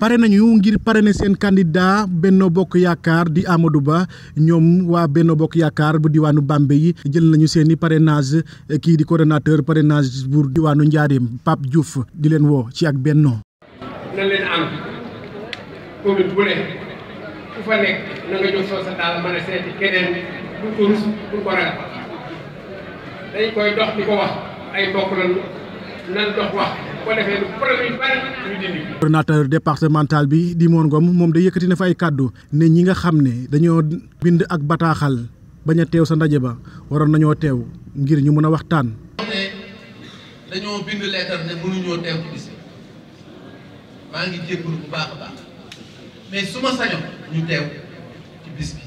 pare nañu ngir pare ne seen candidat Benno Bokk Yaakaar di Amadou Ba ñoom waa Benno Bokk Yaakaar bu diwaanu Bambey yi jël nañu seeni i parrainage kii di coordonnateur parrainage bu diwaanu Njaareem Pape Diouf di leen woo ci ak Benno na leen am commune bu ku fa dañ koy dox di ko wax ay mbokk lañu nan dox wax ko defee problème yu bari ñu dindi bi di Mor Ngom moom da yëkkati na fay kàddu ne ñi nga xam ne dañoo bind ak bataaxal bañ a teew sa ndaje ba waroon nañoo teew ngir ñu mën a waxtaan. dañoo bind leetar ne mënuñoo teew ci bis maa ngi jégalu bu baax baax mais su ma sañoon ñu teew ci bis bi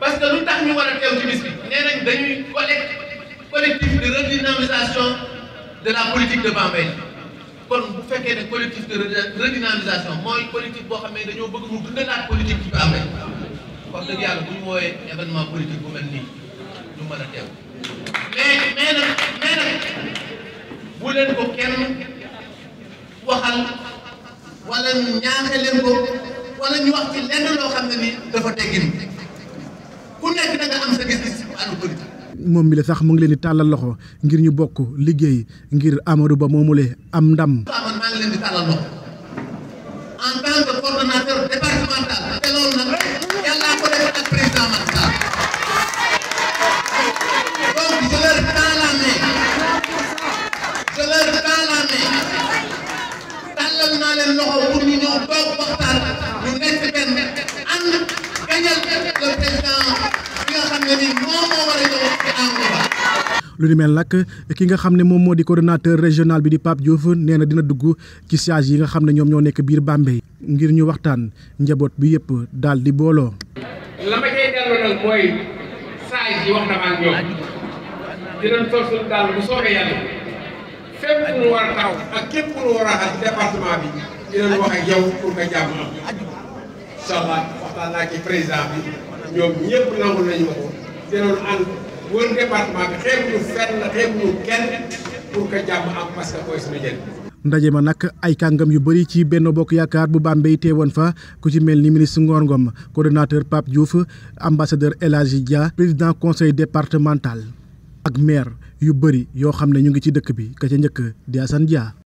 parce que lu tax ñu war a teew ci bis bi nee nañ dañuy collectif collectif de la politique de Bambey kon bu fekkee ne collectif de redynamisation mooy politique boo xam ne dañoo bëgg mu dundalaat politique ci Bambey wax dëgg yàlla bu ñu wooyee événement politique bu mel nii ñu mën a teew mais mais nag mais nag bu leen ko kenn waxal wala ñaaxe leen ko wala ñu wax ci lenn loo xam ne nii dafa teggin ku nekk da nga am sa gis-gis moom mi la sax mu ngi leen di tàllal loxo ngir ñu bokk liggéey ngir Amadou Ba moomule am ndam. lu ni mel nag ki nga xam ne moom moo di coordonnateur régional bi di Pape Diouf nee na dina dugg ci siège yi nga xam ne ñoom ñoo nekk biir Bambey ngir ñu waxtaan njaboot bi yëpp daal di booloo. la dellu nag mooy siège yi wax na ak ñoom dinañ toog suñu daal a taw pour nga jàmm am nangu nañu ko dinañ ànd. ndaje ma nag ay kàngam yu bari ci benn bokk yaakaar bu Bambey teewoon fa ku ci mel ni ministre Ngor Ngom coordonnateur Pape Diouf ambassadeur El Hadji Dia président conseil départemental ak maire yu bari yoo xam ne ñu ngi ci dëkk bi ka ca njëkk di Assane Dia.